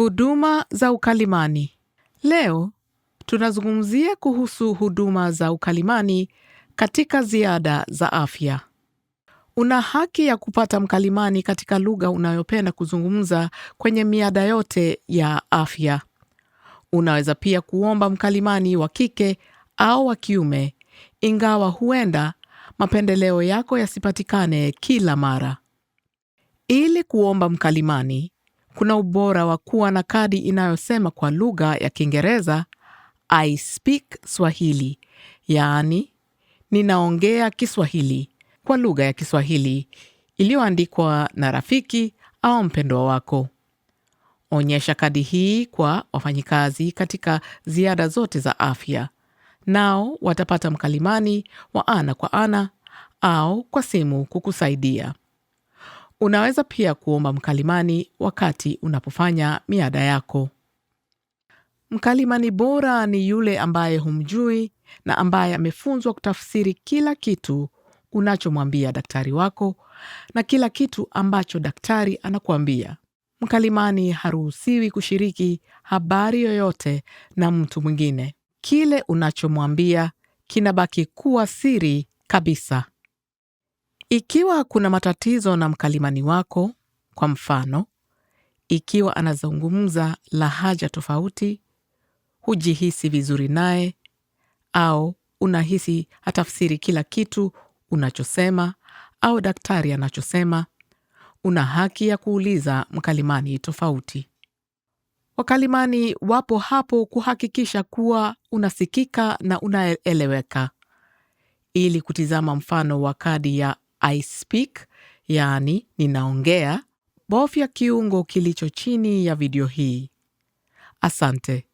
Huduma za ukalimani. Leo tunazungumzia kuhusu huduma za ukalimani katika ziada za afya. Una haki ya kupata mkalimani katika lugha unayopenda kuzungumza kwenye miada yote ya afya. Unaweza pia kuomba mkalimani wa kike au wa kiume, ingawa huenda mapendeleo yako yasipatikane kila mara. Ili kuomba mkalimani, kuna ubora wa kuwa na kadi inayosema kwa lugha ya Kiingereza I speak Swahili, yaani ninaongea Kiswahili kwa lugha ya Kiswahili iliyoandikwa na rafiki au mpendwa wako. Onyesha kadi hii kwa wafanyikazi katika ziara zote za afya, nao watapata mkalimani wa ana kwa ana au kwa simu kukusaidia. Unaweza pia kuomba mkalimani wakati unapofanya miada yako. Mkalimani bora ni yule ambaye humjui na ambaye amefunzwa kutafsiri kila kitu unachomwambia daktari wako na kila kitu ambacho daktari anakuambia. Mkalimani haruhusiwi kushiriki habari yoyote na mtu mwingine. Kile unachomwambia kinabaki kuwa siri kabisa. Ikiwa kuna matatizo na mkalimani wako, kwa mfano, ikiwa anazungumza lahaja tofauti, hujihisi vizuri naye, au unahisi hatafsiri kila kitu unachosema au daktari anachosema, una haki ya kuuliza mkalimani tofauti. Wakalimani wapo hapo kuhakikisha kuwa unasikika na unaeleweka. Ili kutizama mfano wa kadi ya I speak, yaani ninaongea. Bofya kiungo kilicho chini ya video hii. Asante.